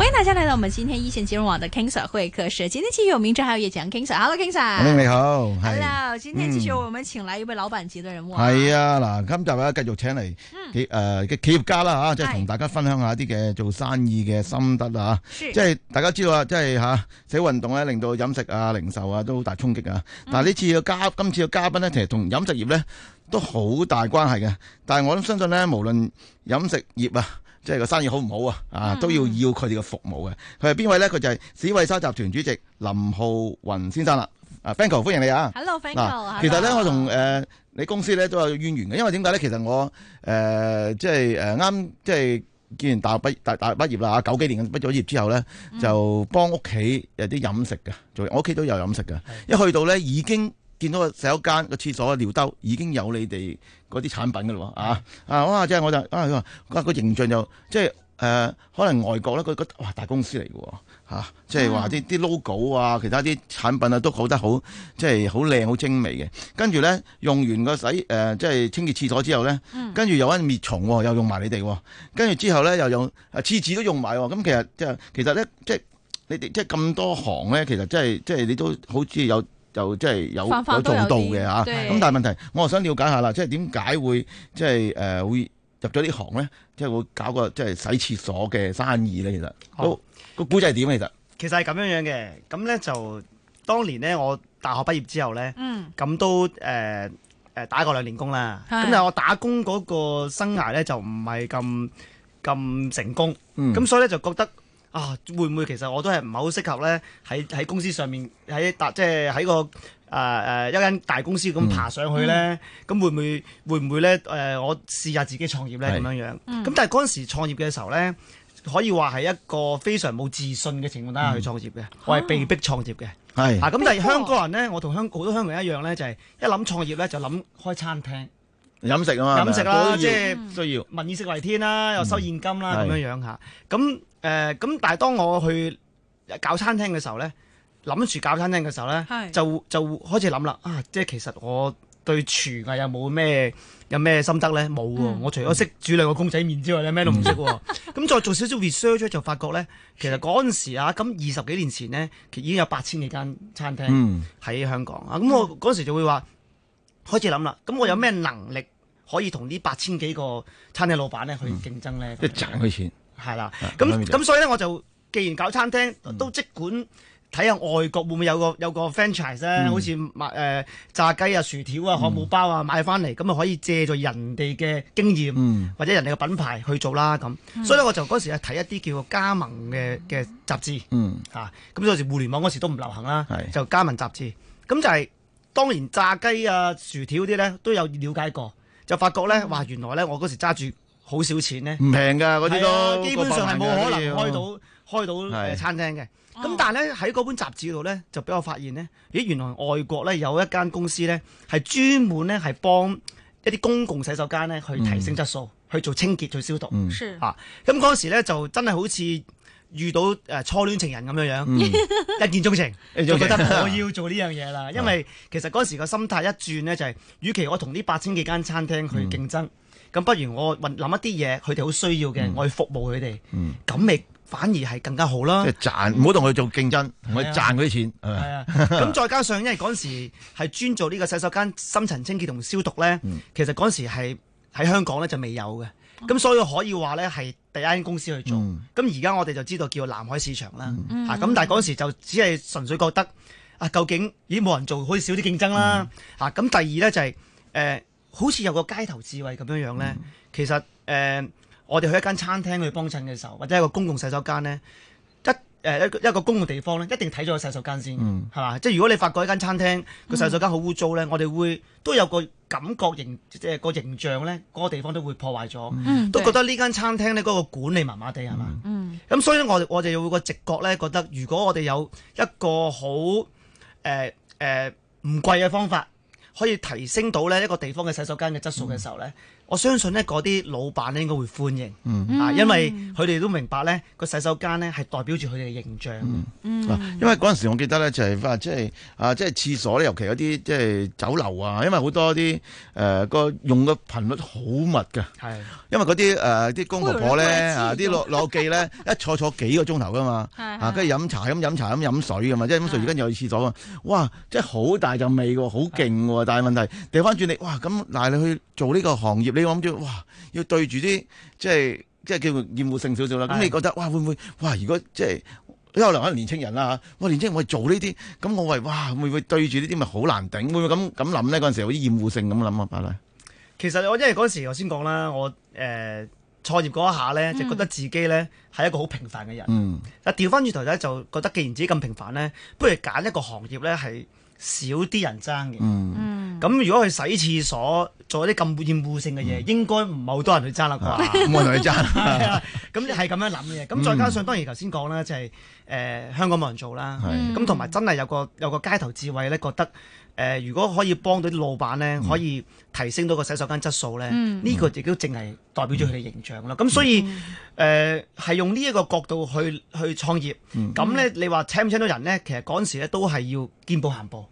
歡迎大家嚟到我們今天一線金融網的 KingSir 會客室。今天繼續有明哲，還有葉強 Sir。Hello KingSir，你好。Hello，今天繼續我們請來一位老闆級的人物。係、嗯、哇啊，嗱，今集啊繼續請嚟企誒嘅企業家啦吓，即係同大家分享一下啲嘅做生意嘅心得啊。是即係大家知道啊，即係吓，社會運動咧、啊、令到飲食啊、零售啊都好大衝擊啊。但係呢次嘅嘉、嗯、今次嘅嘉賓呢，其實同飲食業咧都好大關係嘅。但係我都相信呢，無論飲食業啊。即係個生意好唔好啊？啊，都要要佢哋嘅服務嘅。佢係邊位咧？佢就係史偉莎集團主席林浩宏先生啦。啊 Franco 歡迎你啊！Hello, Franco 嗱，其實咧，Hello. 我同誒、呃、你公司咧都有淵源嘅，因為點解咧？其實我誒、呃、即係誒啱即係既然大學畢大大學畢業啦，九幾年畢咗業之後咧，嗯、就幫屋企有啲飲食嘅做，我屋企都有飲食嘅。的一去到咧已經。見到個洗手間個廁所嘅尿兜已經有你哋嗰啲產品㗎啦喎，啊啊，哇！即係我就，啊佢話個形象，又即係誒，可能外國咧，佢覺得哇大公司嚟嘅喎嚇，即係話啲啲 logo 啊，其他啲產品啊都好得好，即係好靚好精美嘅。跟住咧用完個洗誒，即係清潔廁所之後咧，跟住又揾滅蟲喎，哦，又用埋你哋喎，哦。跟住之後咧又用廁紙都用埋喎。咁其實即係其實咧即係你哋即係咁多行咧，其實，其實即係即係，即係即係，你都好似有。就即係有有做到嘅嚇，咁但係問題，我又想了解下啦，即係點解會即係誒會入咗呢行咧？即係會搞個即係洗廁所嘅生意咧。其實，嗰個故事係點其實？其實係咁樣樣嘅，咁咧就當年咧，我大學畢業之後咧，咁都誒誒打過兩年工啦。咁但係我打工嗰個生涯咧就唔係咁咁成功，咁所以咧就覺得。啊，會唔會其實我都係唔係好適合呢？喺喺公司上面，喺搭即係喺個誒誒一間大公司咁爬上去呢？咁會唔會會唔會呢？誒，我試下自己創業呢？咁樣樣。咁但係嗰陣時創業嘅時候呢，可以話係一個非常冇自信嘅情況底下去創業嘅，我係被逼創業嘅。係啊，咁但係香港人呢，我同香好多香港人一樣呢，就係一諗創業呢，就諗開餐廳飲食啊嘛，飲食啦，即係需要民以食為天啦，又收現金啦咁樣樣嚇咁。誒，咁、呃、但係當我去搞餐廳嘅時候呢，諗住搞餐廳嘅時候呢，候呢是就就開始諗啦。啊，即係其實我對廚藝有冇咩有咩心得呢？冇喎，我除咗識煮兩個公仔麵之外呢，咩都唔識。咁 再做少少 research 就發覺呢，其實嗰陣時啊，咁二十幾年前呢，其實已經有八千幾間餐廳喺香港 啊。咁、嗯啊嗯啊、我嗰陣時就會話，開始諗啦。咁我有咩能力可以同呢八千幾個餐廳老闆呢去競爭呢？即係賺佢錢。嗯係啦，咁咁所以咧，我就既然搞餐廳，嗯、都即管睇下外國會唔會有個有個 franchise 咧、嗯，好似賣呃炸雞啊、薯條啊、漢堡包啊買翻嚟，咁啊、嗯、可以借助人哋嘅經驗，嗯、或者人哋嘅品牌去做啦咁。嗯、所以咧，我就嗰時啊睇一啲叫加盟嘅嘅雜誌，嚇咁嗰時互聯網嗰時都唔流行啦，就加盟雜誌。咁就係、是、當然炸雞啊、薯條啲咧都有了解過，就發覺咧，哇原來咧我嗰時揸住。好少錢呢，唔平噶嗰啲都、啊，基本上係冇可能開到、啊、開到餐廳嘅。咁但係呢，喺嗰本雜誌度呢，就俾我發現呢，咦原來外國呢有一間公司呢，係專門呢係幫一啲公共洗手間呢去提升質素，嗯、去做清潔、做消毒嚇。咁嗰、嗯啊、時呢，就真係好似遇到誒初戀情人咁樣樣，嗯、一見鍾情，就覺得我要做呢樣嘢啦。嗯、因為其實嗰時個心態一轉呢，就係、是，與其我同呢八千幾間餐廳去競爭。咁不如我運諗一啲嘢，佢哋好需要嘅，我去服務佢哋，咁咪反而係更加好啦。即係賺，唔好同佢做競爭，同佢賺嗰啲錢。係啊，咁再加上因為嗰陣時係專做呢個洗手間深層清潔同消毒咧，其實嗰陣時係喺香港咧就未有嘅，咁所以可以話咧係第一間公司去做。咁而家我哋就知道叫南海市場啦。啊，咁但係嗰陣時就只係純粹覺得啊，究竟已經冇人做可以少啲競爭啦。啊，咁第二咧就係誒。好似有個街頭智慧咁樣樣咧，嗯、其實誒、呃、我哋去一間餐廳去幫襯嘅時候，或者一個公共洗手間咧，一誒一個一個公共地方咧，一定睇咗個洗手間先，係嘛、嗯？即係如果你發覺一間餐廳個洗手間好污糟咧，嗯、我哋會都有個感覺形，即係個形象咧，嗰個地方都會破壞咗，嗯、都覺得呢間餐廳咧個管理麻麻地係嘛？咁、嗯嗯嗯、所以咧，我我哋有個直覺咧，覺得如果我哋有一個好誒誒唔貴嘅方法。可以提升到呢一個地方嘅洗手間嘅質素嘅時候咧。我相信咧，嗰啲老闆咧應該會歡迎，嗯、啊，因為佢哋都明白咧，個洗手間咧係代表住佢哋嘅形象。嗯，因為嗰陣時我記得咧就係即係啊，即係廁所咧，尤其嗰啲即係酒樓啊，因為好多啲誒個用嘅頻率好密㗎。係，因為嗰啲誒啲公婆婆咧啲落落記咧，一坐坐幾個鐘頭㗎嘛，跟住飲茶咁飲茶咁飲水㗎嘛，就是、 即係飲水而家又去廁所啊，哇，即係好大陣味㗎，好勁㗎，但係問題掉翻轉你，哇，咁嗱你去做呢個行業你諗住哇，要對住啲即係即係叫厭惡性少少啦。咁是的 你覺得哇，會唔會哇？如果即係有可能可能年青人啦，我年青人我做呢啲，咁我喂哇，會唔會，會對住呢啲咪好難頂？會唔會咁咁諗咧？嗰陣時有啲厭惡性咁諗啊，法咧。其實我因為嗰陣時我頭先講啦，我誒創業嗰一下咧，就覺得自己咧係一個好平凡嘅人。嗯。嗱調翻轉頭咧，就覺得既然自己咁平凡咧，不如揀一個行業咧係少啲人爭嘅。嗯。嗯。咁如果去洗廁所做啲咁厭惡性嘅嘢，應該唔係好多人去爭啦啩？冇人去爭。咁你係咁樣諗嘅，咁再加上當然頭先講啦，就係誒香港冇人做啦。咁同埋真係有個有個街頭智慧咧，覺得誒如果可以幫到啲老闆咧，可以提升到個洗手間質素咧，呢個亦都淨係代表咗佢嘅形象啦。咁所以誒係用呢一個角度去去創業，咁咧你話請唔請到人咧？其實嗰陣時咧都係要見步行步。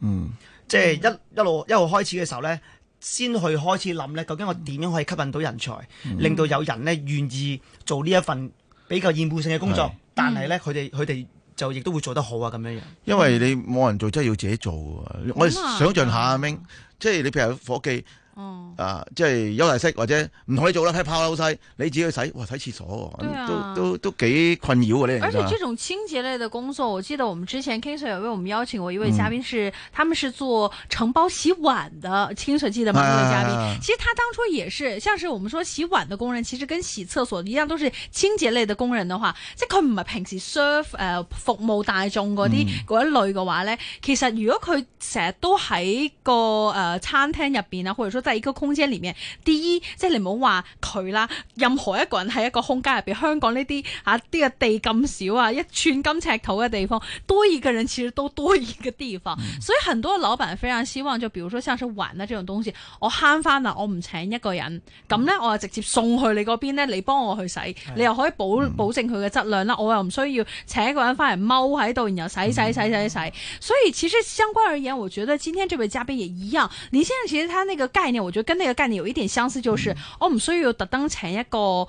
即係一一路一路開始嘅時候呢，先去開始諗呢，究竟我點樣可以吸引到人才，嗯、令到有人呢願意做呢一份比較厭惡性嘅工作，是但係呢，佢哋佢哋就亦都會做得好啊咁樣樣。因為你冇人做，真係要自己做、嗯、我哋想像下阿、啊、明，即係你譬如伙記。哦，啊，即係休息室或者唔可以做啦，批拋甩晒，你只要洗，哇洗廁所，都都都幾困擾嘅呢？而且這種清潔類的工作，我記得我們之前 KingSir 為我們邀請過一位嘉賓，是他們是做承包洗碗的，清水記得嗎？這位嘉賓其實他當初也是，像是我們說洗碗的工人，其實跟洗廁所一樣，都是清潔類的工人的話，即佢唔係平時 serve 誒服務大眾嗰啲嗰一類嘅話咧，其實如果佢成日都喺個誒餐廳入邊啊，或者。都。喺個空間裏面，第一，即係你唔好話佢啦。任何一個人喺一個空間入邊，香港呢啲吓啲個地咁少啊，一寸金尺土嘅地方，多一個人其實都多一個地方。嗯、所以很多老闆非常希望，就比如說像是碗呢這種東西，我慳翻啦，我唔請一個人，咁呢，嗯、我就直接送去你嗰邊呢，你幫我去洗，嗯、你又可以保保證佢嘅質量啦，嗯、我又唔需要請一個人翻嚟踎喺度，然後洗洗洗洗洗、嗯、所以其實相關而言，我覺得今天這位嘉賓也一樣，林先生其實他那個概念。我覺得跟呢個概念有一點相似，就是、嗯、我唔需要特登請一個誒，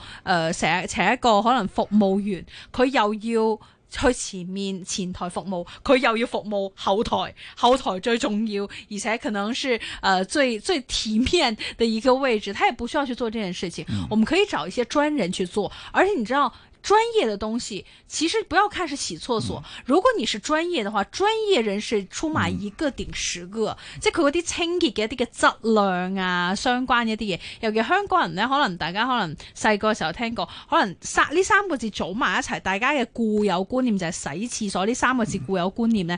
成、呃、請一個可能服務員，佢又要去前面前台服務，佢又要服務後台，後台最重要，而且可能是誒、呃、最最體面的一個位置，他也不需要去做這件事情，嗯、我們可以找一些專人去做，而且你知道。專業的東西其實不要看是洗廁所，嗯、如果你是專業的話，專業人士出馬一個頂十個。在嗰啲清潔嘅一啲嘅質量啊，相關一啲嘢。尤其香港人呢，可能大家可能細個嘅時候聽過，可能三呢三個字組埋一齊，大家嘅固有觀念就係洗廁所呢、嗯、三個字固有觀念呢。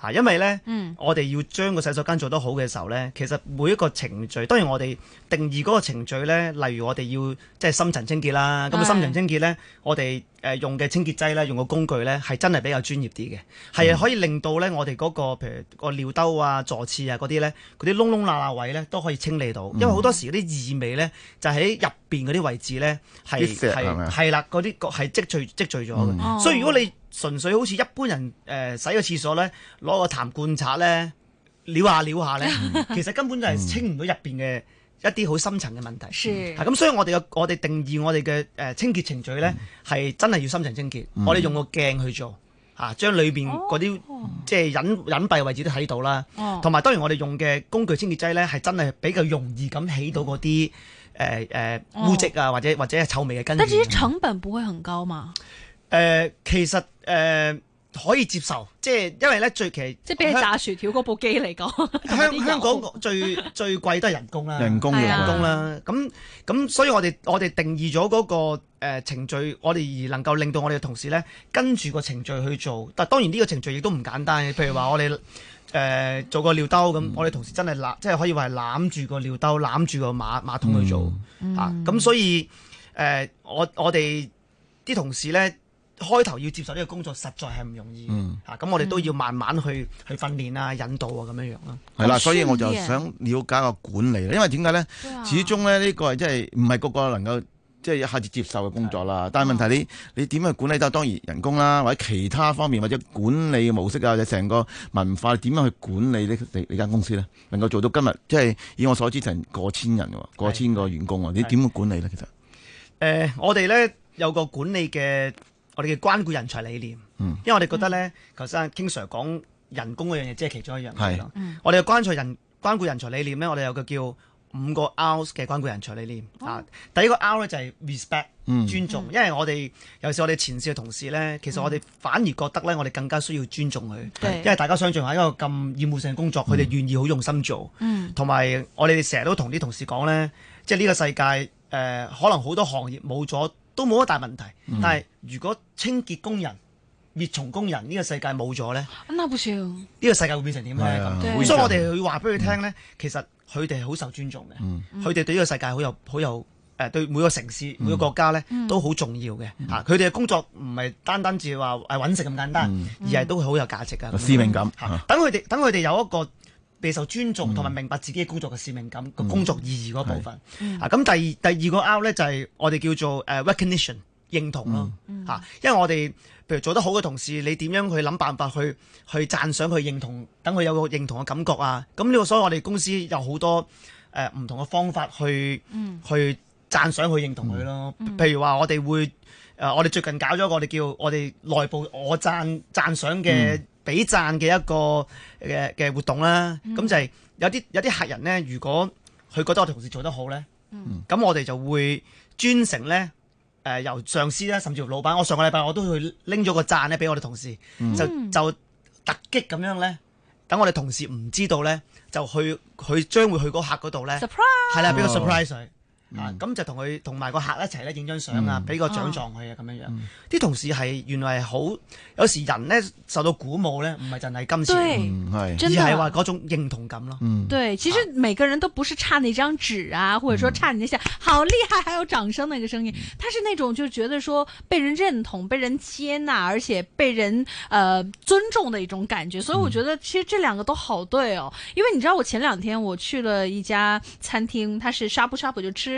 嚇，因為咧，我哋要將個洗手間做得好嘅時候咧，其實每一個程序，當然我哋定義嗰個程序咧，例如我哋要即係深層清潔啦。咁啊，深層清潔咧，我哋誒用嘅清潔劑咧，用個工具咧，係真係比較專業啲嘅，係可以令到咧我哋嗰個譬如個尿兜啊、坐廁啊嗰啲咧，嗰啲窿窿罅罅位咧都可以清理到。因為好多時嗰啲異味咧，就喺入邊嗰啲位置咧，係係係啦，嗰啲個係積聚積聚咗嘅。所以如果你純粹好似一般人誒、呃、洗個廁所咧，攞個痰罐刷咧，撩下撩下咧，mm. 其實根本就係清唔到入邊嘅一啲好深層嘅問題。係咁、mm. 是嗯、所以我哋嘅我哋定義我哋嘅誒清潔程序咧，係真係要深層清潔。Mm. 我哋用個鏡去做嚇，將裏邊嗰啲即係隱隱蔽位置都睇到啦。同埋、oh. 當然我哋用嘅工具清潔劑咧，係真係比較容易咁起到嗰啲誒誒污漬啊，或者或者臭味嘅根。但係至於成本不會很高嘛？誒、呃，其實誒、呃、可以接受，即係因為咧最其即係比起炸薯條嗰部機嚟講，香像香港最最貴都係人工啦，人工人、啊、工啦。咁咁、啊，所以我哋我哋定義咗嗰個誒程序，我哋而能夠令到我哋嘅同事咧跟住個程序去做。但係當然呢個程序亦都唔簡單，譬如話我哋誒、呃、做個尿兜咁，嗯、我哋同事真係攬，即係可以話係攬住個尿兜，攬住個馬馬桶去做啊。咁所以誒、呃嗯呃、我我哋啲、呃、同事咧。嗯嗯嗯開頭要接受呢個工作實在係唔容易，吓咁、嗯啊、我哋都要慢慢去去訓練啊、引導啊咁樣樣咯。係啦，所以我就想了解個管理啦，因為點解咧？啊、始終咧呢、這個係即係唔係個個能夠即係一下子接受嘅工作啦。的但係問題，你你點去管理都當然人工啦，或者其他方面或者管理模式啊，或者成個文化點樣去管理你你間公司呢？呢間公司咧能夠做到今日，即、就、係、是、以我所知，成過千人喎，過千個員工啊，的你點管理咧？其實誒、呃，我哋咧有個管理嘅。我哋嘅關顧人才理念，因為我哋覺得咧，頭先傾常 i 講人工嗰樣嘢，即係其中一樣咯。我哋嘅關才人關顧人才理念咧，我哋有個叫五個 out 嘅關顧人才理念啊。第一個 out 咧就係 respect，尊重，因為我哋尤其是我哋前線嘅同事咧，其實我哋反而覺得咧，我哋更加需要尊重佢，因為大家想處下，一個咁義務性嘅工作，佢哋願意好用心做，同埋我哋成日都同啲同事講咧，即係呢個世界誒，可能好多行業冇咗。都冇乜大問題，但係如果清潔工人、滅蟲工人呢個世界冇咗咧，呢、呢個世界會變成點樣？所以我哋要話俾佢聽咧，嗯、其實佢哋係好受尊重嘅，佢哋、嗯、對呢個世界好有好有誒，對每個城市、嗯、每個國家咧都好重要嘅嚇。佢哋嘅工作唔係單單只係話誒搵食咁簡單，嗯、而係都好有價值嘅使命感等佢哋等佢哋有一個。備受尊重同埋明白自己嘅工作嘅使命感個、嗯、工作意義嗰部分、嗯、啊，咁第二第二個 out 咧就係我哋叫做誒、uh, recognition 認同咯吓、嗯啊，因為我哋譬如做得好嘅同事，你點樣去諗辦法去去讚賞佢認同，等佢有個認同嘅感覺啊？咁、啊、呢、呢個所以我哋公司有好多誒唔、呃、同嘅方法去、嗯、去讚賞去認同佢咯。譬、嗯、如話我哋會誒、呃，我哋最近搞咗一個我哋叫我哋內部我讚讚賞嘅。嗯俾讚嘅一個嘅嘅活動啦，咁、嗯、就係有啲有啲客人咧，如果佢覺得我同事做得好咧，咁、嗯、我哋就會專程咧，誒、呃、由上司咧，甚至乎老闆，我上個禮拜我都去拎咗個讚咧，俾我哋同事，嗯、就就突擊咁樣咧，等我哋同事唔知道咧，就去佢將會去嗰客嗰度咧，係啦，Surprise！俾個 surprise 佢。Oh. 啊！咁就同佢同埋個客一齊咧影張相啊，俾個獎狀佢啊，咁樣樣。啲、嗯、同事係原來係好有時人咧受到鼓舞咧，唔係就係金錢，係對，係係話嗰種認同感咯。嗯，對，其實每個人都不是差那張紙啊，或者說差你那下、啊嗯、好厲害，還有掌聲那個聲音，他、嗯、是那種就覺得說被人認同、被人接納，而且被人呃尊重的一種感覺。所以，我覺得其實這兩個都好對哦。因為你知道，我前兩天我去了一家餐廳，他是 shop shop 就吃。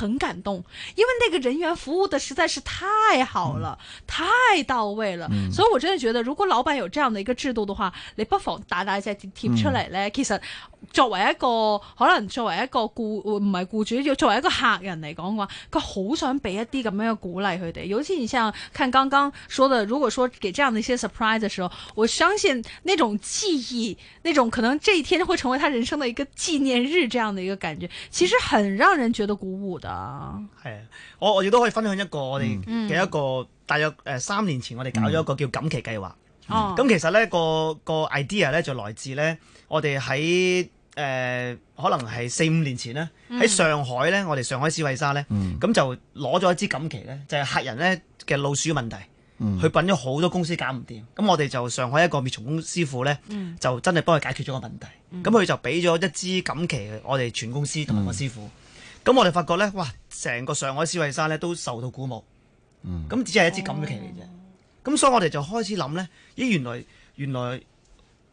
很感動，因為那個人員服務的實在是太好了，嗯、太到位了。嗯、所以我真的覺得，如果老闆有這樣的一個制度的話，你不妨大大隻貼貼出嚟呢、嗯？其實，作為一個可能，作為一個雇唔係雇主，要作為一個客人嚟講嘅話，佢好想俾一啲咁樣嘅鼓勵佢哋。啊嗯啊啊、尤其你像看剛剛說的，如果說給這樣的一些 surprise 的時候，我相信那種記憶，那種可能這一天會成為他人生的一個紀念日，這樣的一個感覺，其實很讓人覺得鼓舞的。嗯嗯啊，係啊、嗯，我我亦都可以分享一個我哋嘅一個、嗯、大約誒三、呃、年前，我哋搞咗一個叫錦旗計劃。哦，咁其實呢、個、個 idea 呢，就來自呢我哋喺誒可能係四五年前呢，喺上海呢，我哋上海史偉莎呢，咁、嗯嗯、就攞咗一支錦旗呢，就係、客人呢嘅老鼠問題，佢、嗯、品咗好多公司搞唔掂，咁我哋就上海一個滅蟲師傅呢，就真係幫佢解決咗個問題，咁佢就俾咗一支錦旗我哋全公司同埋我師傅。嗯嗯嗯咁我哋發覺咧，哇！成個上海史偉莎咧都受到鼓舞。嗯。咁、嗯、只係一支錦旗嚟啫。咁、嗯、所以我哋就開始諗，咧，咦？原來原來誒、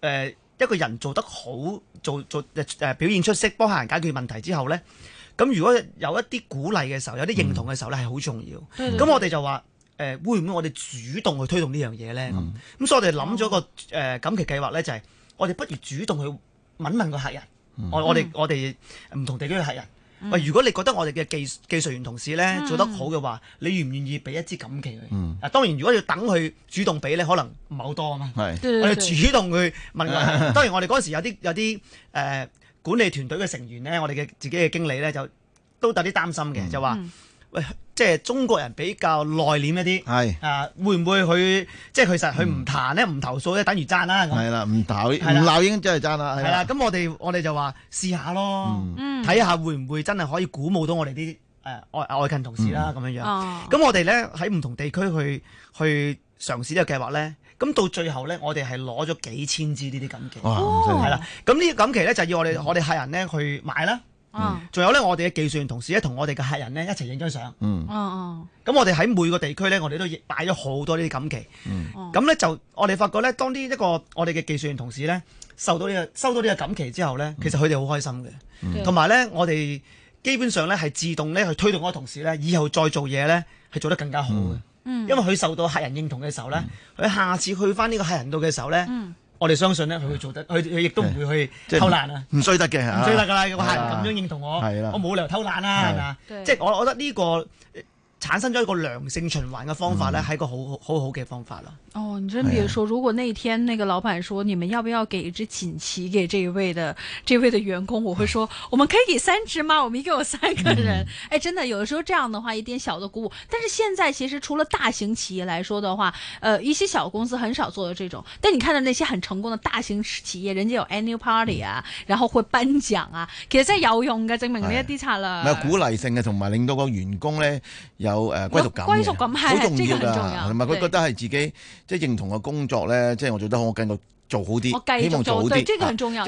呃、一個人做得好，做做誒、呃、表現出色，幫客人解決問題之後咧，咁如果有一啲鼓勵嘅時候，有啲認同嘅時候咧，係好重要。嗯。咁我哋就話誒、呃、會唔會我哋主動去推動呢樣嘢咧？咁咁、嗯，所以我哋諗咗個誒錦、呃、旗計劃咧，就係、是、我哋不如主動去問問個客人，我我哋我哋唔同地區嘅客人。喂，嗯、如果你覺得我哋嘅技技術員同事咧、嗯、做得好嘅話，你願唔願意俾一支錦旗佢？嗱、嗯啊，當然如果要等佢主動俾咧，可能唔係好多啊嘛。係是，我哋主動去問佢。 當然我哋嗰陣時有啲有啲誒、呃、管理團隊嘅成員咧，我哋嘅自己嘅經理咧就都有啲擔心嘅，就話喂。即係中國人比較內斂一啲，係是 啊，會唔會佢即係佢實佢唔談咧，唔、嗯、投訴咧，等於讚啦。係啦，唔投唔鬧已經真係讚啦。係啦，啦，咁我哋我哋就話試下咯，睇下、嗯、會唔會真係可以鼓舞到我哋啲誒外外勤同事啦咁、嗯、樣樣。咁、哦、我哋咧喺唔同地區去去嘗試呢個計劃咧，咁到最後咧，我哋係攞咗幾千支呢啲錦旗。係、哦、啦，咁呢啲錦旗咧就要我哋我哋客人咧去買啦。仲、嗯、有呢，我哋嘅技術員同事咧，同我哋嘅客人呢，一齊影張相。嗯，哦哦。咁我哋喺每個地區呢，我哋都亦擺咗好多呢啲錦旗。嗯。咁咧就我哋發覺呢，當呢一個我哋嘅技術員同事咧，收到呢個收到呢個錦旗之後呢，嗯、其實佢哋好開心嘅。同埋呢，我哋基本上呢，係自動呢去推動嗰個同事呢，以後再做嘢呢，係做得更加好嘅。嗯、因為佢受到客人認同嘅時候呢，佢、嗯、下次去返呢個客人度嘅時候呢。嗯嗯。我哋相信咧，佢會做得，佢佢亦都唔會去偷懶啊！唔衰得嘅，唔衰得噶啦！如果客人咁樣認同我，我冇理由偷懶啦。係嘛？即係我，我覺得呢個。產生咗一個良性循環嘅方法咧，係、嗯、個好好好好嘅方法啦。哦，你真譬如說，如果那一天那個老闆說：你們要不要給一支錦旗給這一位的這位的員工？我會說： 我們可以給三支嗎？我們一共有三個人。哎，， 欸，真的，有的時候這樣的話，一點小的鼓舞。但是現在其實除了大型企業來說的話，呃，一些小公司很少做的這種。但你看到那些很成功的大型企業，人家有 annual party 啊，嗯、然後會頒獎啊，其實真係有用嘅，證明呢一啲策略，係鼓勵性嘅，同埋令到個員工呢，有。有誒，歸屬感好重要噶，同埋佢覺得係自己即係認同嘅工作咧，即係我做得好，我繼續做好啲，希望做好啲。即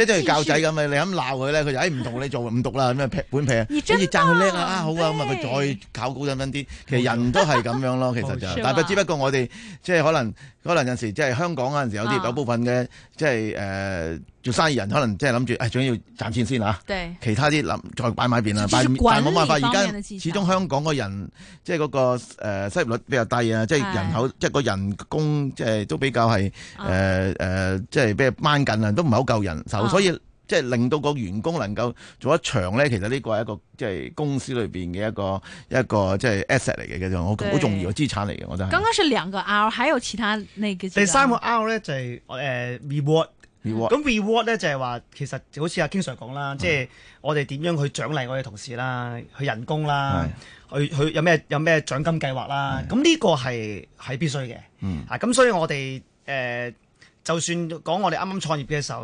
係教仔咁啊，你咁鬧佢咧，佢就誒唔同你做唔讀啦，咁啊本皮啊，跟住讚佢叻啊，啊好啊，咁啊佢再考高等分啲。其實人都係咁樣咯，其實就，但係只不過我哋即係可能可能有時即係香港嗰陣時有啲有部分嘅即係誒。做生意人可能即係諗住，誒，總要賺錢先啦。其他啲諗再擺埋邊啦，但係冇辦法，而家始終香港嘅人即係嗰個誒失業率比較低啊，即係人口即係個人工即係都比較係誒誒，即係比較掹緊啊，都唔係好夠人手，所以即係令到個員工能夠做得長咧，其實呢個係一個即係公司裏邊嘅一個一個即係 asset 嚟嘅，其實我好重要嘅資產嚟嘅，我覺得。剛剛是兩個 r，還有其他第三個 r 咧就係誒 reward 咁 reward 咧、嗯、就係話，其實好似阿 King Sir 講啦，即、就、係、是、我哋點樣去獎勵我哋同事啦，去人工啦的，去去有咩有咩獎金計劃啦，咁呢的個係係必須嘅。嗯，啊，咁所以我哋誒、呃，就算講我哋啱啱創業嘅時候，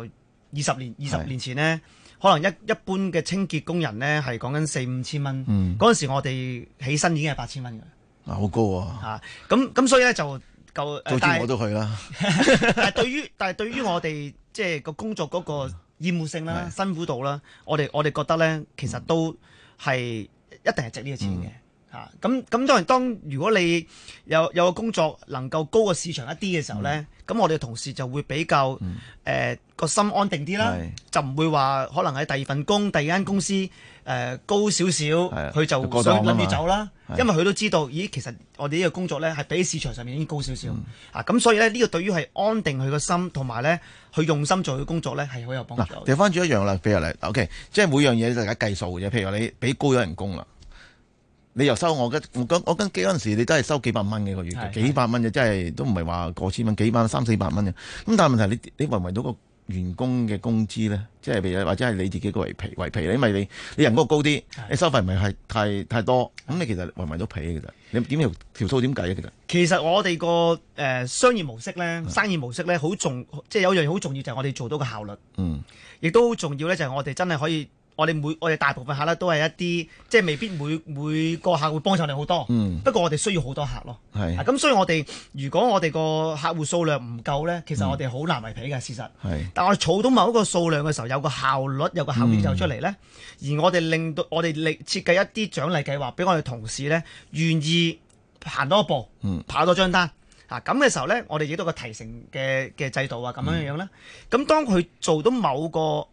二十年二十年前咧，的可能一一般嘅清潔工人咧係講緊四五千蚊，嗰陣、嗯、時我哋起薪已經係八千蚊嘅，啊，好高啊，吓、啊，咁咁所以咧就。夠有，但係對於 但係對於我哋即係個工作嗰個厭惡性啦、辛苦度啦對，我哋我哋覺得呢其實都係一定係值呢個錢嘅嚇。咁咁、嗯啊、當然，當如果你有有個工作能夠高過市場一啲嘅時候呢，咁、嗯、我哋同事就會比較誒個、呃、心安定啲啦，對就唔會話可能喺第二份工、第二間公司。誒、呃、高少少，佢的就諗住走啦。的因為佢都知道，的咦，其實我哋呢個工作咧係比市場上面已經高少少、嗯、啊。咁所以呢，呢、呢個對於係安定佢個心，同埋咧，佢用心做佢工作咧係好有幫助。提翻住一樣啦，譬如嚟，OK，即係每樣嘢大家計數嘅啫。譬如話你俾高咗人工啦，你又收我我我跟嗰陣時，你都係收幾百蚊嘅一個月，的幾百蚊嘅，即係都唔係話過千蚊，幾百三四百蚊嘅。咁但係問題你你維唔維到個員工嘅工資咧，即係譬如或者係你自己個維皮維皮咧，因為你你人工高啲，你收費唔係係太太多，咁、嗯、你其實維埋到皮其嘅。你點條條數點計啊？其實你計其實我哋個誒商業模式咧，生意模式咧好重，即係有一樣嘢好重要就係、是、我哋做到個效率。嗯，亦都好重要咧，就係、是、我哋真係可以。我哋每我哋大部分客咧都係一啲，即係未必每每個客戶會幫襯你好多。嗯，不過我哋需要好多客咯。係的，咁、啊、所以我哋如果我哋個客戶數量唔夠呢，其實我哋好難為皮嘅事實。係的，但我哋儲到某一個數量嘅時候，有個效率，有個效益就出嚟呢。嗯、而我哋令到我哋令設計一啲獎勵計劃，俾我哋同事呢，願意行多一步，嗯，跑多張單啊。咁嘅時候呢，我哋亦都有個提成嘅嘅制度啊，咁樣樣呢。咁當佢做到某個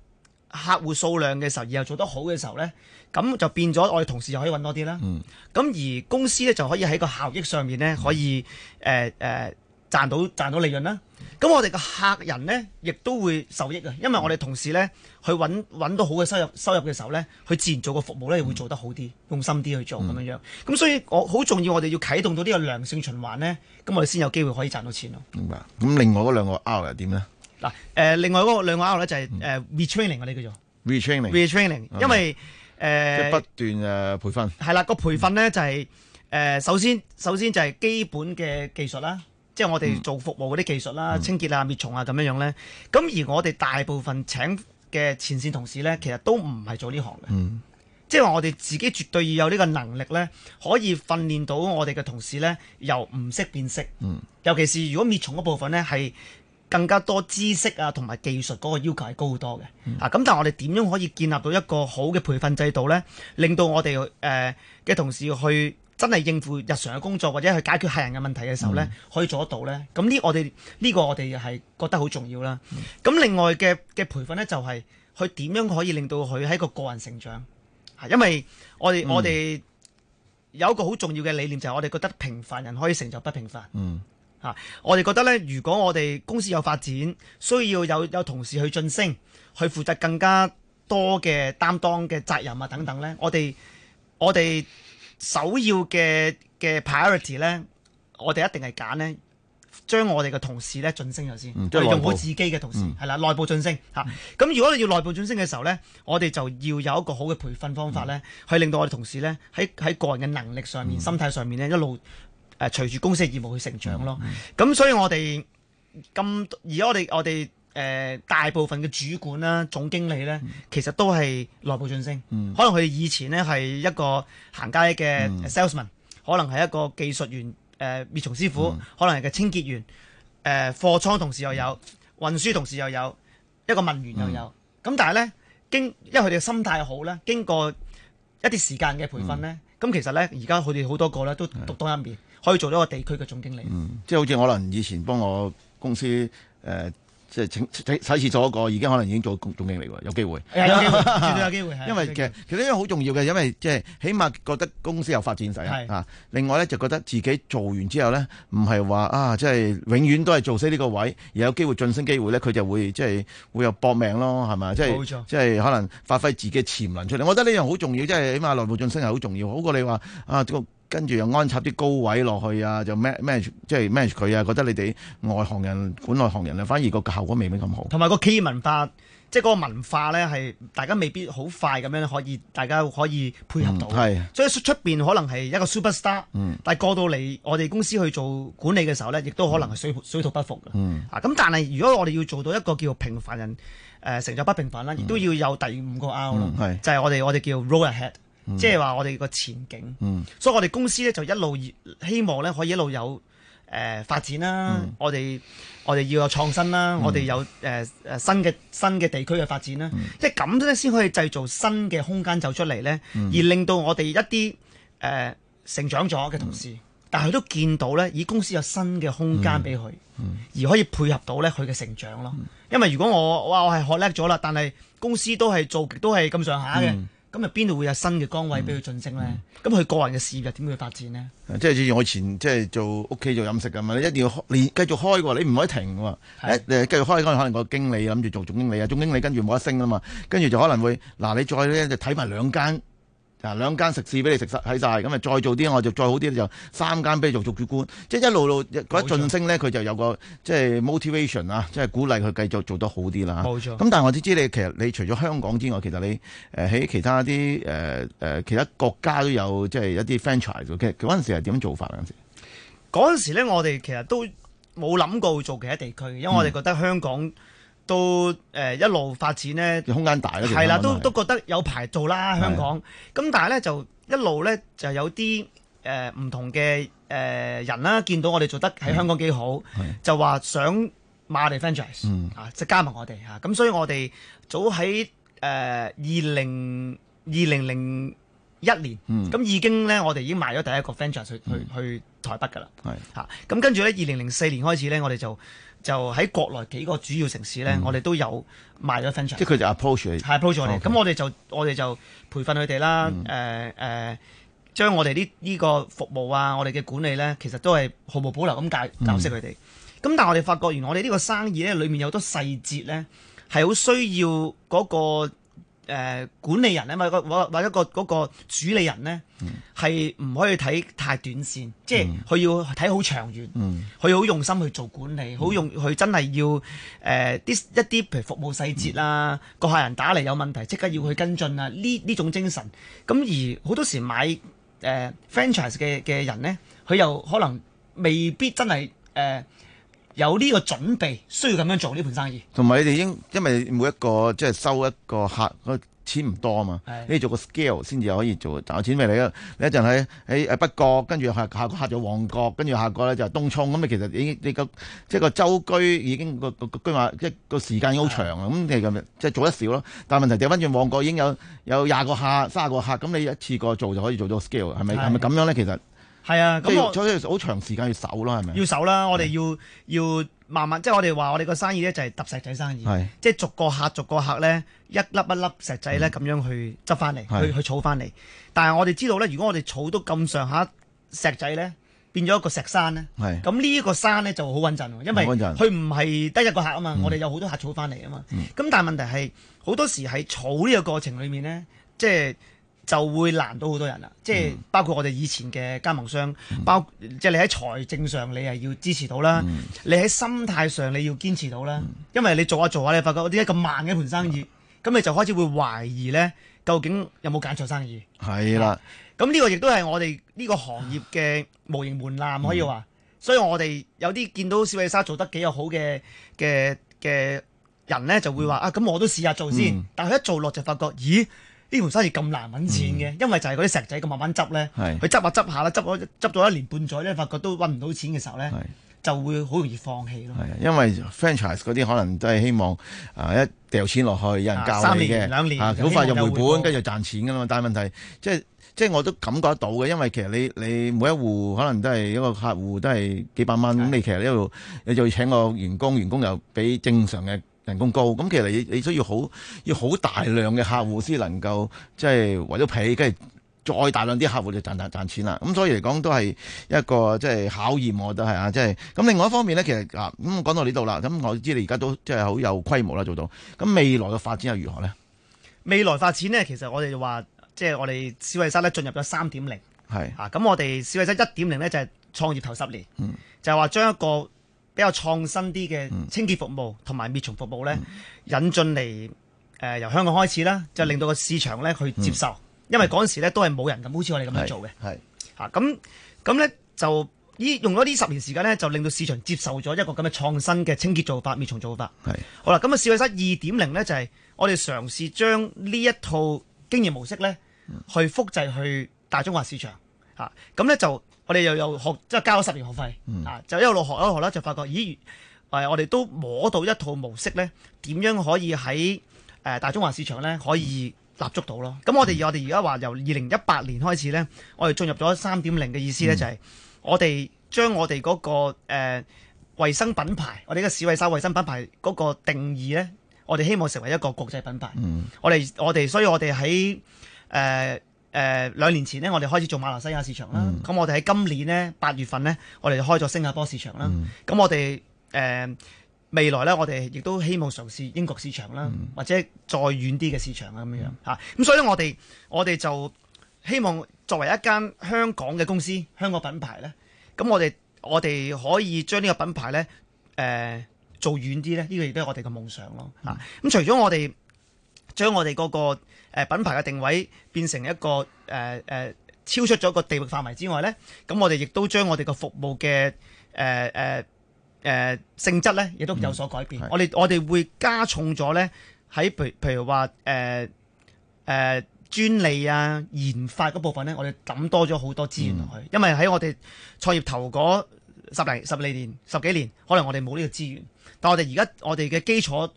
客戶數量嘅時候，然後做得好嘅時候呢，咁就變咗我哋同事就可以揾多啲啦。咁、嗯、而公司呢，就可以喺個效益上面呢，可以誒誒、嗯呃呃、賺到賺到利潤啦。咁我哋嘅客人呢，亦都會受益啊，因為我哋同事呢，去揾揾到好嘅收入收入嘅時候呢，佢自然做個服務呢，會做得好啲，用心啲去做咁樣、嗯、樣。咁所以我好重要，我哋要啟動到呢個良性循環呢。咁我哋先有機會可以賺到錢咯。明白。咁另外嗰兩個 out 又點呢？嗱，誒、呃、另外嗰兩個拗咧就係、是、誒、嗯 uh, retraining 我哋叫做 retraining，retraining，因為誒 Okay.、呃、不斷誒培訓係啦，個、嗯、培訓咧就係誒首先首先就係基本嘅技術啦，即係我哋做服務嗰啲技術啦，嗯、清潔啊、滅蟲啊咁樣樣咧。咁而我哋大部分請嘅前線同事咧，其實都唔係做呢行嘅，嗯、即係話我哋自己絕對要有呢個能力咧，可以訓練到我哋嘅同事咧由唔識變識，嗯、尤其是如果滅蟲嗰部分咧係。更加多知識啊，同埋技術嗰個要求係高好多嘅、嗯、啊！咁但係我哋點樣可以建立到一個好嘅培訓制度呢？令到我哋誒嘅同事去真係應付日常嘅工作，或者去解決客人嘅問題嘅時候呢，嗯、可以做得到呢？咁呢，我哋呢個我哋係、呢個、覺得好重要啦。咁、嗯、另外嘅嘅培訓呢，就係佢點樣可以令到佢喺個個人成長？係因為我哋、嗯、我哋有一個好重要嘅理念，就係、係、我哋覺得平凡人可以成就不平凡。嗯。啊！我哋覺得咧，如果我哋公司有發展，需要有有同事去晉升，去負責更加多嘅擔當嘅責任啊等等，呢我哋我哋首要嘅嘅 priority 呢，我哋一定係揀咧，將我哋嘅同事咧晉升咗先，嗯、用好自己嘅同事，係啦、嗯，內部晉升嚇。咁、啊、如果你要內部晉升嘅時候呢，我哋就要有一個好嘅培訓方法呢、嗯嗯、去令到我哋同事呢，喺喺個人嘅能力上面、心態上面呢一路。嗯嗯嗯誒隨住公司嘅業務去成長咯，咁、嗯嗯嗯、所以我哋咁而家我哋我哋誒、呃、大部分嘅主管啦、總經理呢，其實都係內部晉升，嗯、可能佢哋以前呢係一個行街嘅 salesman，、嗯、可能係一個技術員誒滅蟲師傅，可能係個清潔員誒、呃、貨倉同事又有運輸同事又有，一個文員又有咁，但係呢，經因為佢哋嘅心態好呢，經過一啲時間嘅培訓呢，咁、嗯嗯嗯嗯、其實呢，而家佢哋好多個呢都獨當一面的。可以做到個地區嘅總經理，嗯，即係好似可能以前幫我公司誒、呃，即係請洗廁所嗰一個，而家可能已經做總經理喎，有機會， 有機會絕對有機會，因為其實對其實呢樣好重要嘅，因為即係起碼覺得公司有發展性對啊，另外咧就覺得自己做完之後咧，唔係話啊，即、就、係、是、永遠都係做死呢個位，而有機會晉升機會咧，佢就會即係、就是、會有搏命咯，係咪啊？即係、冇錯、即係可能發揮自己潛能出嚟，我覺得呢樣好重要，即係起碼內部晉升係好重要，好過你話啊個。啊啊啊啊啊跟住又安插啲高位落去啊，就 manage 即係 manage 佢啊，覺得你哋外行人管內行人啦，反而個效果未必咁好。同埋個企業文化，即係嗰個文化咧，係大家未必好快咁樣可以，大家可以配合到。嗯、所以出邊可能係一個 super star，、嗯、但係過到嚟我哋公司去做管理嘅時候咧，亦都可能係水、嗯、水土不服、嗯、啊，咁但係如果我哋要做到一個叫平凡人誒、呃，成就不平凡啦，亦都要有第五個個 L 咯，嗯、就係我哋我哋叫 roll ahead。即係話我哋個前景，嗯、所以我哋公司呢就一路希望呢可以一路有誒、呃、發展啦、嗯。我哋我哋要有創新啦，嗯、我哋有誒誒、呃、新嘅新嘅地區嘅發展啦。嗯、即係咁樣先可以製造新嘅空間走出嚟呢，嗯、而令到我哋一啲誒、呃、成長咗嘅同事，嗯、但係佢都見到呢，以公司有新嘅空間俾佢，嗯嗯、而可以配合到呢佢嘅成長咯。嗯、因為如果我哇我係學叻咗啦，但係公司都係做都係咁上下嘅。咁又邊度會有新嘅崗位俾佢晉升咧？咁佢、嗯、個人嘅事業點去發展呢？即係好似我以前即係做屋企做飲食㗎嘛，你一定要開，你繼續開嘅，你唔可以停嘅喎。誒是，你、欸、繼續開可能個經理諗住做總經理啊，總經理跟住冇得升啦嘛，跟住就可能會嗱你再咧就睇埋兩間。嗱，兩間食肆俾你食晒，睇曬，咁啊再做啲我就再好啲就三間俾你做做主管，即係一路路佢一晉升咧，佢就有個、就是、ation, 即係 motivation 啊，即係鼓勵佢繼續做得好啲啦。冇錯錯。咁但係我知知你其實你除咗香港之外，其實你誒喺、呃、其他啲誒誒其他國家都有即係一啲 franchise 嘅。嗰陣時係點做法咧？嗰陣時呢，嗰陣時咧我哋其實都冇諗過會做其他地區，因為我哋覺得香港。嗯都誒一路發展呢，空間大啦，係啦，都都覺得有排做啦香港。咁但係呢，就一路呢，就有啲誒唔同嘅誒人啦，見到我哋做得喺香港幾好，就話想買我哋 franchise 嚇，即加盟我哋嚇。咁所以我哋早喺誒二零二零零一年，咁已經呢，我哋已經賣咗第一個 franchise 去去去台北㗎啦。嚇咁跟住呢，二零零四年開始呢，我哋就。就喺國內幾個主要城市咧，嗯、我哋都有賣咗分場。即係佢就 approach 嚟，approach 我哋。咁我哋就我哋就培訓佢哋啦。誒誒、嗯呃呃，將我哋啲呢個服務啊，我哋嘅管理咧，其實都係毫無保留咁教教識佢哋。咁、嗯、但係我哋發覺，原來我哋呢個生意咧，裡面有好多細節咧，係好需要嗰、那個。誒、呃、管理人咧，咪個或者或一個嗰個主理人呢，係唔、mm. 可以睇太短線，即係佢要睇好長遠，佢好、mm. 用心去做管理，好用佢真係要誒啲、呃、一啲譬如服務細節啦，個、mm. 客人打嚟有問題即刻要去跟進啊，呢呢種精神。咁而好多時買誒、呃、franchise 嘅嘅人呢，佢又可能未必真係誒。呃有呢個準備，需要咁樣做呢盤生意。同埋你哋已經，因為每一個即係收一個客個錢唔多啊嘛。的你做個 scale 先至可以做賺錢咩？你啊，你一陣喺喺北角，跟住下下個客就旺角，跟住下個咧就東涌。咁啊，其實已經呢個即係個周居已經個個個居話，即係個時間好長啊。咁的你咁樣即係做得少咯。但係問題掉翻轉旺角已經有有廿個客、三十個客，咁你一次過做就可以做到 scale，係咪係咪咁樣咧？其實？係啊，咁我所以好長時間要守咯，係咪？要守啦，我哋要要慢慢，即係我哋話我哋個生意咧就係揼石仔生意，即係逐個客逐個客咧一粒一粒石仔咧咁樣去執翻嚟，去去儲翻嚟。但係我哋知道咧，如果我哋儲到咁上下石仔咧，變咗一個石山咧。係。咁呢一個山咧就好穩陣，因為佢唔係得一個客啊嘛，我哋有好多客儲翻嚟啊嘛。咁但係問題係好多時喺儲呢個過程裡面咧，即係。就會難倒好多人啦，即係包括我哋以前嘅加盟商，包即係你喺財政上你係要支持到啦，你喺心態上你要堅持到啦，因為你做下做下你發覺啲咁慢嘅盤生意，咁你就開始會懷疑呢，究竟有冇揀錯生意？係啦，咁呢個亦都係我哋呢個行業嘅無形門檻可以話，所以我哋有啲見到史偉莎做得幾有好嘅嘅嘅人呢，就會話啊，咁我都試下做先，但係一做落就發覺，咦？呢盤生意咁難揾錢嘅，嗯、因為就係嗰啲石仔咁慢慢執咧，佢執是下執下啦，執咗執咗一年半載咧，發覺都揾唔到錢嘅時候咧，是就會好容易放棄咯。係啊，因為 franchise 嗰啲可能都係希望啊、呃、一掉錢落去有人教你三年兩年好快、啊、就回本，跟住就賺錢噶啦嘛。但係問題即係即係我都感覺得到嘅，因為其實你你每一戶可能都係一個客戶都係幾百蚊。咁的，你其實一路你就要請個員工，員工又畀正常嘅。人工高，咁其實你你需要好，要好大量嘅客戶先能夠，即係為咗皮，跟住再大量啲客戶就賺賺賺錢啦。咁所以嚟講都係一個即係考驗，我覺得係啊，即係。咁另外一方面咧，其實啊，咁講到呢度啦，咁我知你而家都即係好有規模啦，做到。咁未來嘅發展又如何咧？未來發展咧，其實我哋就話，即係我哋史偉莎咧進入咗三點零，係啊。咁我哋史偉莎一點零咧就係創業頭十年，嗯，就係話將一個。比較創新啲嘅清潔服務同埋滅蟲服務呢，引進嚟誒、呃、由香港開始啦，就令到個市場呢去接受，嗯、因為嗰陣時咧都係冇人咁，好似我哋咁樣做嘅。係，嚇咁咁咧就依用咗呢十年時間呢，就令到市場接受咗一個咁嘅創新嘅清潔做法、滅蟲做法。係是，好啦，咁啊，史偉莎二點零呢，就係、是、我哋嘗試將呢一套經營模式呢去複製去大中華市場嚇，咁、啊、咧就。我哋又又學，即係交咗十年學費，啊、嗯，就一路學一路學啦，就發覺，咦，誒，我哋都摸到一套模式呢，點樣可以喺誒大中華市場呢可以立足到咯？咁、嗯、我哋我哋而家話由二零一八年開始呢，我哋進入咗三點零嘅意思呢、就係，就係、嗯、我哋將我哋嗰、那個誒、呃、衞生品牌，我哋呢個史偉莎衞生品牌嗰個定義呢，我哋希望成為一個國際品牌。嗯、我哋我哋，所以我哋喺誒。呃誒兩、呃、年前呢，我哋開始做馬來西亞市場啦。咁、嗯、我哋喺今年呢，八月份呢，我哋開咗新加坡市場啦。咁、嗯、我哋誒、呃、未來呢，我哋亦都希望嘗試英國市場啦，嗯、或者再遠啲嘅市場啊咁、嗯、樣。嚇，咁所以呢，我哋我哋就希望作為一間香港嘅公司，香港品牌呢。咁我哋我哋可以將呢個品牌呢誒、呃、做遠啲呢，呢、這個亦都係我哋嘅夢想咯。嚇咁、嗯嗯嗯嗯、除咗我哋將我哋嗰、那個。誒品牌嘅定位變成一個誒誒、呃呃、超出咗個地域範圍之外呢。咁我哋亦都將我哋個服務嘅誒誒誒性質呢，亦都有所改變。嗯、我哋我哋會加重咗呢，喺，譬如譬如話誒誒專利啊、研發嗰部分呢，我哋抌多咗好多資源落去。嗯、因為喺我哋創業頭嗰十嚟十嚟年十幾年，可能我哋冇呢個資源，但我哋而家我哋嘅基礎。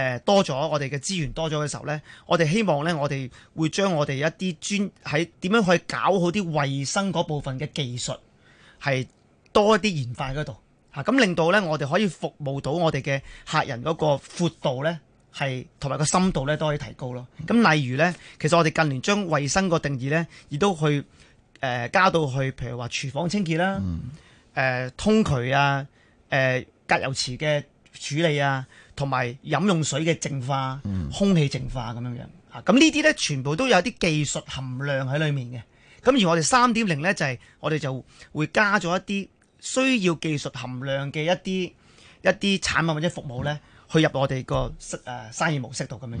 誒多咗，我哋嘅資源多咗嘅時候呢，我哋希望呢，我哋會將我哋一啲專喺點樣去搞好啲衞生嗰部分嘅技術，係多一啲研發喺嗰度嚇，咁令到呢，我哋可以服務到我哋嘅客人嗰個闊度呢，係同埋個深度呢都可以提高咯。咁例如呢，其實我哋近年將衞生個定義呢，亦都去誒、呃、加到去，譬如話廚房清潔啦，誒、嗯呃、通渠啊，誒、呃、隔油池嘅處理啊。同埋飲用水嘅淨化、空氣淨化咁樣樣，吓咁呢啲呢，全部都有啲技術含量喺裡面嘅。咁而我哋三點零呢，就係我哋就會加咗一啲需要技術含量嘅一啲一啲產品或者服務呢，去入我哋個誒生意模式度咁樣樣。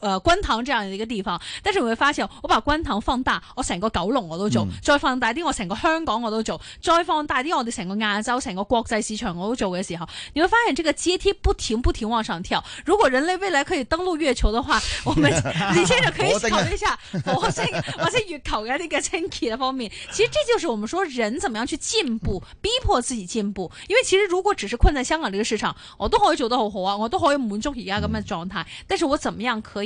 誒，觀塘、呃、這樣嘅地方，跟住你會發現，我把觀塘放大，我成個九龍我都做，嗯、再放大啲，我成個香港我都做，再放大啲，我哋成個亞洲、成個國際市場我都做嘅時候，你會發現這個階梯不停不停往上跳。如果人類未來可以登陸月球的話，我們 你接着可以考慮一下火星或者月球一啲嘅升級方面。其實這就是我們說人怎麼樣去進步，逼迫自己進步。因為其實如果只是困在香港呢個市場，我都可以做得好好啊，我都可以滿足而家咁嘅狀態。嗯、但是我怎麼樣可以？